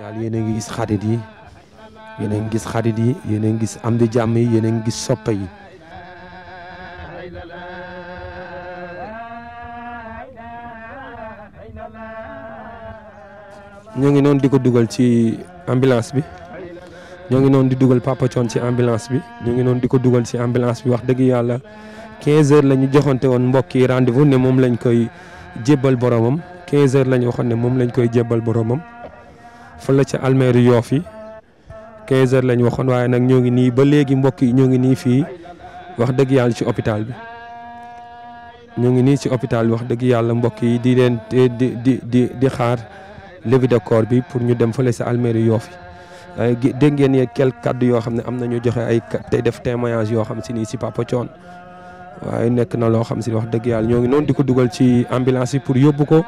yàlla yéen a ngi gis xarit yi yéen ngi gis xarit yi yéen gis am di jàmm yi yéen ngi gis soppe yi ñoo ngi noonu di ko dugal ci ambulance bi ñoo ngi noonu di dugal Papa ci ambulance bi ñoo ngi noonu di ko dugal ci ambulance bi wax dëgg yàlla 15 heures la ñu joxante woon mbokk yi rendez ne moom lañ koy jébbal boromam 15 heures lañ waxoon ne moom lañ koy jebal boromam fa la ca almeeri Yoff yi 15 heures lañu waxoon waaye nag ñoo ngi nii ba léegi mbokk yi ñoo ngi nii fii wax dëgg yàlla ci hôpital bi ñoo ngi nii ci hôpital bi wax dëgg yàlla mbokk yi di leen di di di di xaar levi de corps bi pour ñu dem fële si almeeri Yoff yi waaye dégg ngeen yee quelques kadd yoo xam ne am na ñu joxe ay tey def témoignage yoo xam si nii si Papa Thione waaye nekk na loo xam si wax dëgg yàlla ñoo ngi noonu di ko dugal ci ambulance yi pour yóbbu ko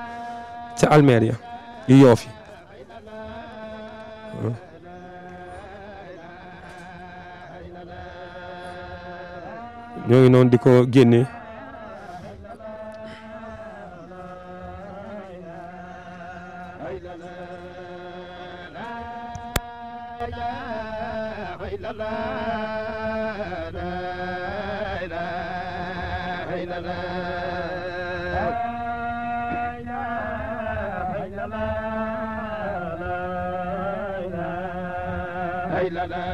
ca almeer ya ngi noonu di ko génne la la la la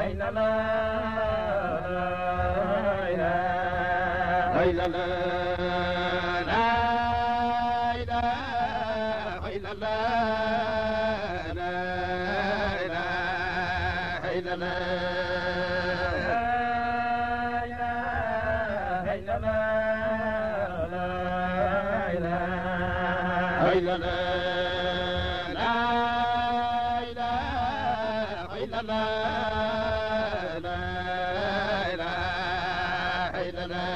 la إلا الله لا إله إلا الله لا إله إلا الله إلا الله la la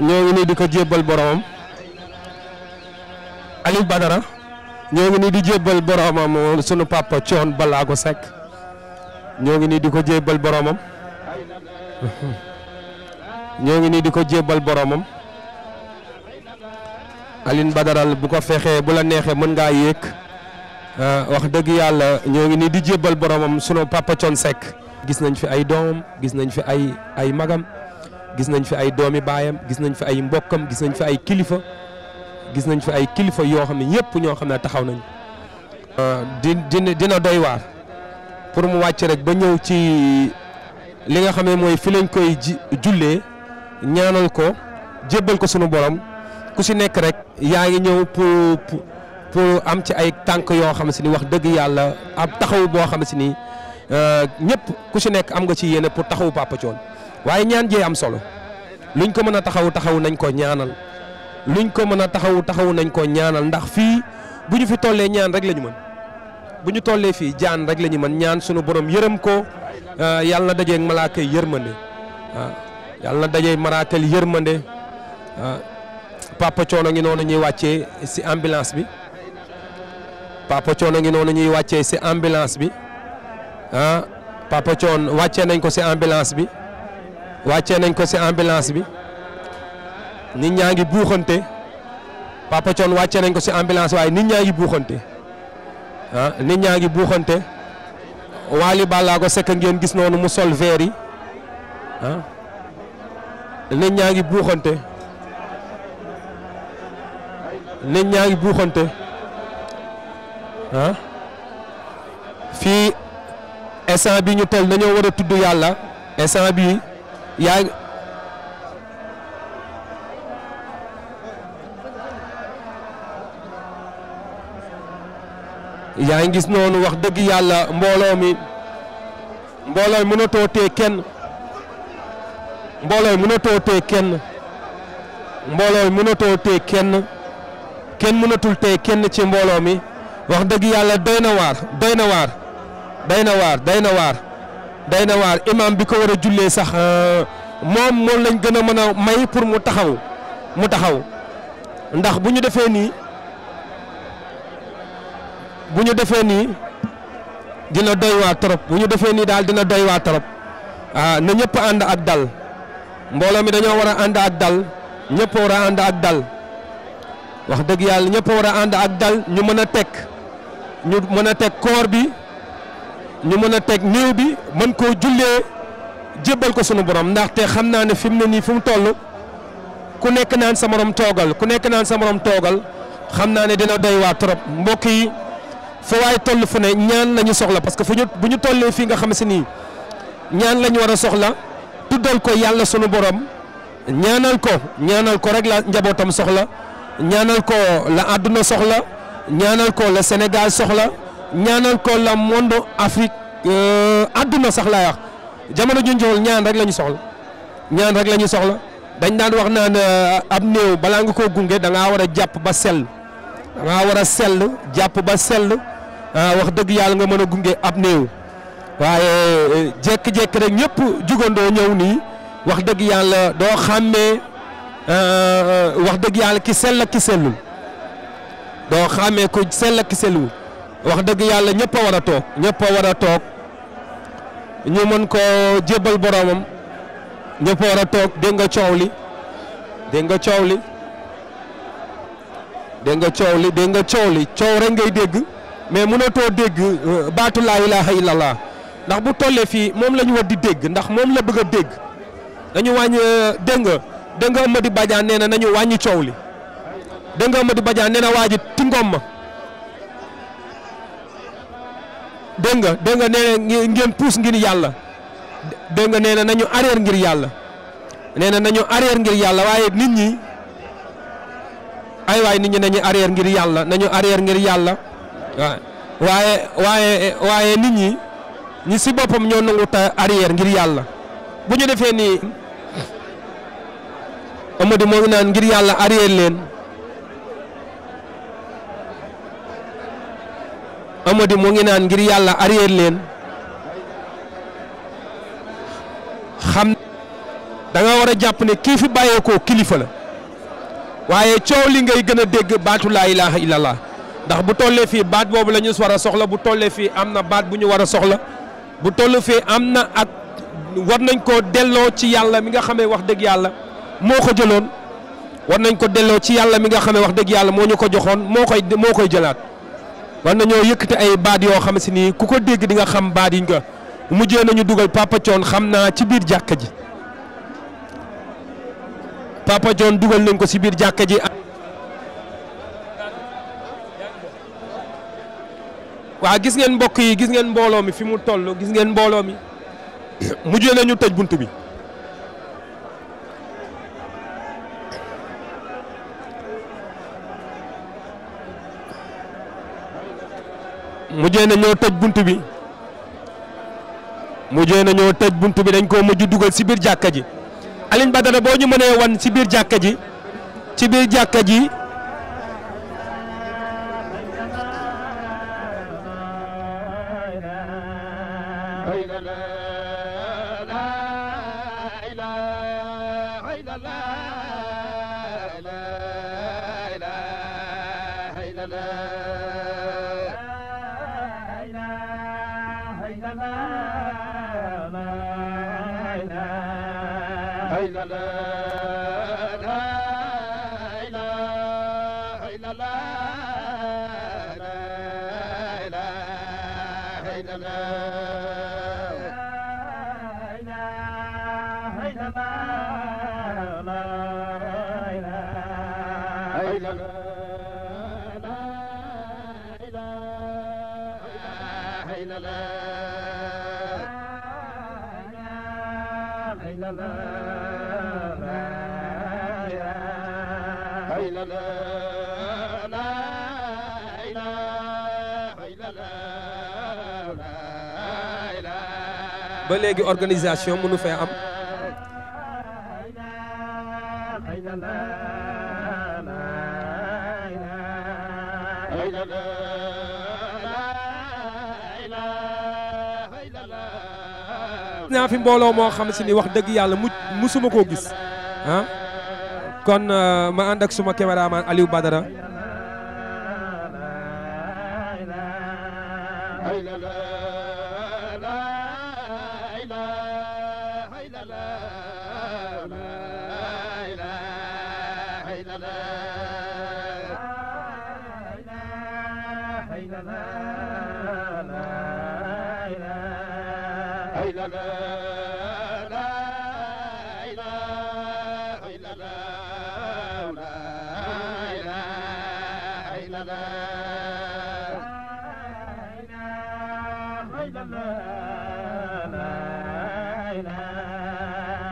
ñoo ngi nii di ko jébbal boromam Aliou Badara ñoo ngi nii di jébbal boromam sunu papa Thione Ballago Seck ñoo ngi nii di ko jébbal boroomam ñoo ngi nii di ko jébbal boromam Aliou Badara bu ko fexee bu la neexee mën ngaa yéeg. Euh, wax dëgg yàlla ñoo ngi nii di jébbal boroomam sunu papa Thione Seck gis nañ fi ay doomam gis nañ fi ay ay magam gis nañ fi ay doomi baayam gis nañ fi ay mbokkam gis nañ fi ay kilifa gis nañ fi ay kilifa yoo xam ne ñëpp ñoo xam ne taxaw nañ euh, di di dina doy waar pour mu wàcc rek ba ñëw ci li nga xam ne mooy fi lañ koy ji jullee ñaanal ko jébbal ko sunu borom ku si nekk rek yaa ngi ñëw pour. pour am ci ay tànk yoo xam si ni wax dëgg yàlla ab taxaw boo xam si ni euh, ñëpp ku si nekk am nga ci yéene pour taxawu Papa Thione waaye ñaan jee am solo luñ ko mën a taxaw taxaw nañ ko ñaanal luñ ko mën a taxaw taxaw nañ ko ñaanal ndax fii bu ñu fi tollee ñaan rek lañu mën bu ñu tollee fii jaan rek la ñu mën ñaan sunu borom yërëm ko euh, yàlla na dajeeg malaakay yërmande waaw yàlla na dajeeg malaakal yërmande Papa Thione a ngi noonu ñuy wàccee si ambulance bi. Papa Thione a ngi noonu ñuy wàccee ci ambulance bi ah Papa Thione wàccee nañ ko ci ambulance bi wàccee nañ ko ci ambulance bi nit ñaa ngi buuxante Papa Thione wàccee nañ ko ci ambulance waaye nit ñaa ngi buuxante ah nit buuxante Wally Ballago Seck ngeen gis noonu mu sol verre yi ah nit ñaa ngi buuxante nit ñaa ngi buuxante ah fii instant bi ñu tel dañoo war a tudd yàlla instant bi yaa yaa ngi gis noonu wax dëgg yàlla mbooloo mi mbooloo mi mënatoo tee kenn mbooloo mi mënatoo tee kenn mbooloo mi mënatoo tee kenn kenn mënatul tee kenn ci mbooloo mi wax dëgg yàlla doy na waar doy na waar doy na waar doy na waar doy na waar imam bi ko war a jullee sax euh, moom moom lañ gën a mën a may pour mu taxaw mu taxaw ndax bu ñu defee nii bu ñu defee nii dina doy waa trop bu ñu defee nii daal dina doy waar trop ah na ñëpp ànd ak dal mbooloo mi dañoo war a ànd ak dal ñépp war a ànd ak dal wax dëgg yàlla ñëpp war a ànd ak dal ñu mën a tekk ñu mën a teg koor bi ñu mën a teg néew bi mën koo jullee jébbal ko sunu ndax te xam naa ne fi mu ne nii fu mu toll ku nekk naan sa morom toogal ku nekk naan sa morom toogal xam naa ne dina doy waa trop mbokk yi fa waaye toll fu ne ñaan lañu soxla parce que fu ñu bu ñu tollee fii nga xam si nii ñaan lañu ñu war a soxla tuddal ko yàlla sunu boroom ñaanal ko ñaanal ko rek la njabootam soxla ñaanal ko la àdduna soxla. ñaanal ko la Sénégal soxla ñaanal ko la monde Afrique euh, àdduna sax laa wax jamono juñ joxul ñaan rek la ñu soxla ñaan rek la soxla dañ daan wax naan euh, ab néew balaa nga koo gunge da ngaa war a jàpp ba sell da ngaa war a sell jàpp ba sel ah, wax dëgg yàlla nga mën a gunge ab néew waaye euh, jékki-jékki rek ñëpp jugandoo ñëw nii wax dëgg yàlla doo xàmmee wax dëgg yàlla ki sel ak ki sellul. doo xamee ku sell ak sellu wax dëgg yàlla ñëpp a war a toog ñëpp a war a toog ñu mën ko jébbal boroomam ñëpp a war a toog dégg nga coow li dégg nga coow li dégg nga coow li dégg nga coow li coow rek ngay dégg mais mënatoo dégg euh, baatu laa ilaaha illallah ndax bu tollee fii moom lañu ñu war di dégg ndax moom la bëgg a dégg dañu wàññ euh, dégg nga dégg nga Amady Badiane nee na nañu wàññi coow li. da nga Amadou Badiane nee na waa ji tingom ma dégg nga dégg nga nee na ngeen puus ngir yàlla dégg nga nee na nañu arrière ngir yàlla nee na nañu arrière ngir yàlla waaye nit ñi ay waay nit ñi nañu arrière ngir yàlla nañu arrière ngir yàlla waaye waaye waaye nit ñi ñi si boppam ñoo nangu ta arrière ngir yàlla bu ñu defee nii Amadou moo ngi naan ngir yàlla arrière leen. Amady mu ngi naan ngir yàlla arrière leen xam da war a jàpp ne kii fi bàyyeekoo kilifa la waaye coow li ngay gën a dégg baatu laa ilaaha illallah ndax bu tollee fii baat boobu lañu ñu war a soxla bu tollee fii am na baat bu ñu war a soxla bu toll fii am na ak war nañ koo delloo ci yàlla mi nga xamee wax dëgg yàlla moo ko jëloon war nañ ko delloo ci yàlla mi nga xamee wax dëgg yàlla moo ñu ko joxoon moo koy moo koy jëlaat. war yëkk yëkkati ay baat yoo xam si ni ku ko dégg di nga xam baat yi nga mujjee nañu dugal Papa xam naa ci biir jàkka ji Papa dugal nañ ko ci biir jàkka ji. waa gis ngeen mbokk yi gis ngeen mbooloo mi fi mu toll gis ngeen mbooloo mi mujjee nañu tëj bunt bi. mujjee na ñoo bunt bi mujjee na ñoo bunt bi dañ koo mujj dugal ci biir jàkka ji Alioune Badara boo ñu mënee won ci biir jàkka ji ci biir jàkka ji لنا ba léegi organisation mënu fee am naa fi mbooloo moo xam si ni wax dëgg yàlla mu musuma koo gis ah kon euh, ma ànd ak suma caméraman Aliou Badara إله إلا الله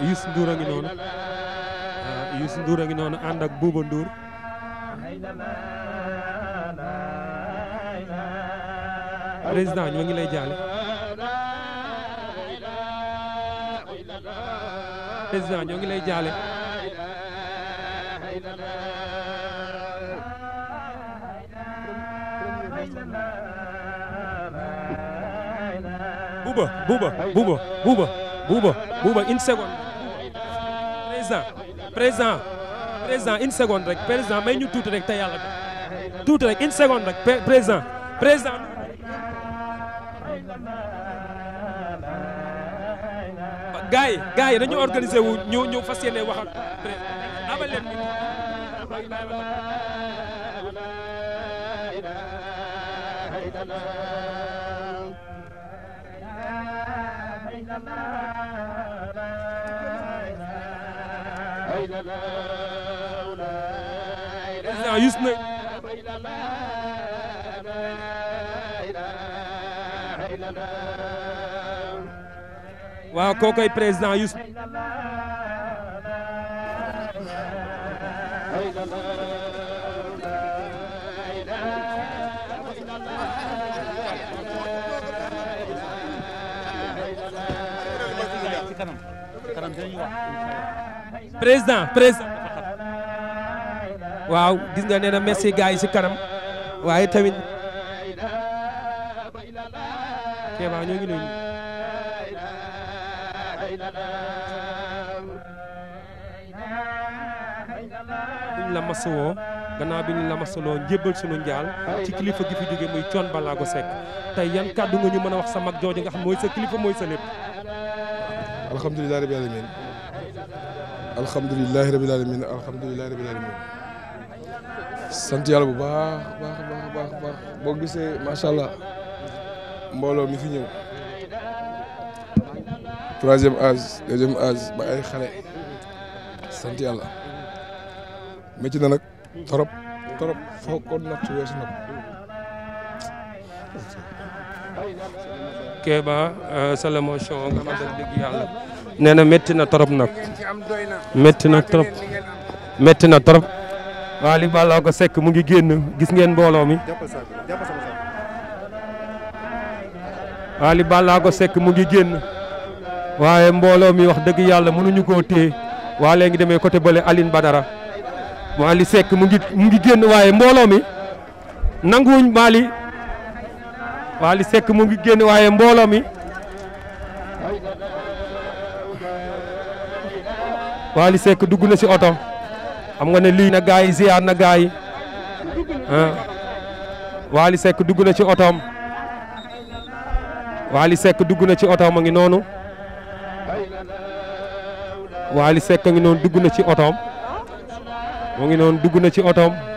Youssou Ndour a ngi noonu ah, Youssou Ndour a ngi noonu ak Bouba Ndour président ñoo ngi lay jaale président ñoo lay jaale Bouba Bouba Bouba Bouba Bouba Bouba une seconde une seconde rek président may ñu tuuti rek te yàlla ko tuuti rek une seconde rek yi gars yi dañu organiser wu ñu ñu fas yéene wax يسنى waaw kookoy président Youssou kanam kanam dinañu président président waaw gis nga nee na merci gars ci kanam waaye tamit Kéba ñoo ngi nuyu buñ la masawoo gannaaw bi ñu la masaloo njébbal sunu njaal ci kilifa gi fi jóge muy Thione Ballago Seck tey yan kàddu nga ñu mën a wax sa mag jooju nga xam mooy sa kilifa mooy sa lépp alhamdulillahi rabbil alamin alhamdulillahi rabbil alamin alamin sant bu baax baax baax baax baax boo gisee macha allah mbooloo mi fi ñëw troisième âge deuxième âge ba ay xale sant yàlla nag trop trop foo ko natt weesu Kéba euh, Salamation dëgg yàlla na métti na trop nag métti na trop métti na trop waaw li bàllaa sekk mu ngi génn gis ngeen mbooloo mi waaw ko sekk mu ngi génn waaye mbooloo mi wax dëgg yàlla mënuñu koo téye waa léegi demee côté bële Aline ba Waly Seck mu mu ngi génn waaye mbooloo mi nanguwuñ Waly Wally Seck mu ngi génn waaye mbooloo mi Wally sekk dugg na ci oto xam nga ne lii na gaay yi ziar na gaay yi Wally Seck dugg na ci otoom Wally Seck dugg na ci otoom a ngi noonu Wally Seck a ngi noonu dugg na ci otoom mu ngi noonu dugg na ci otoom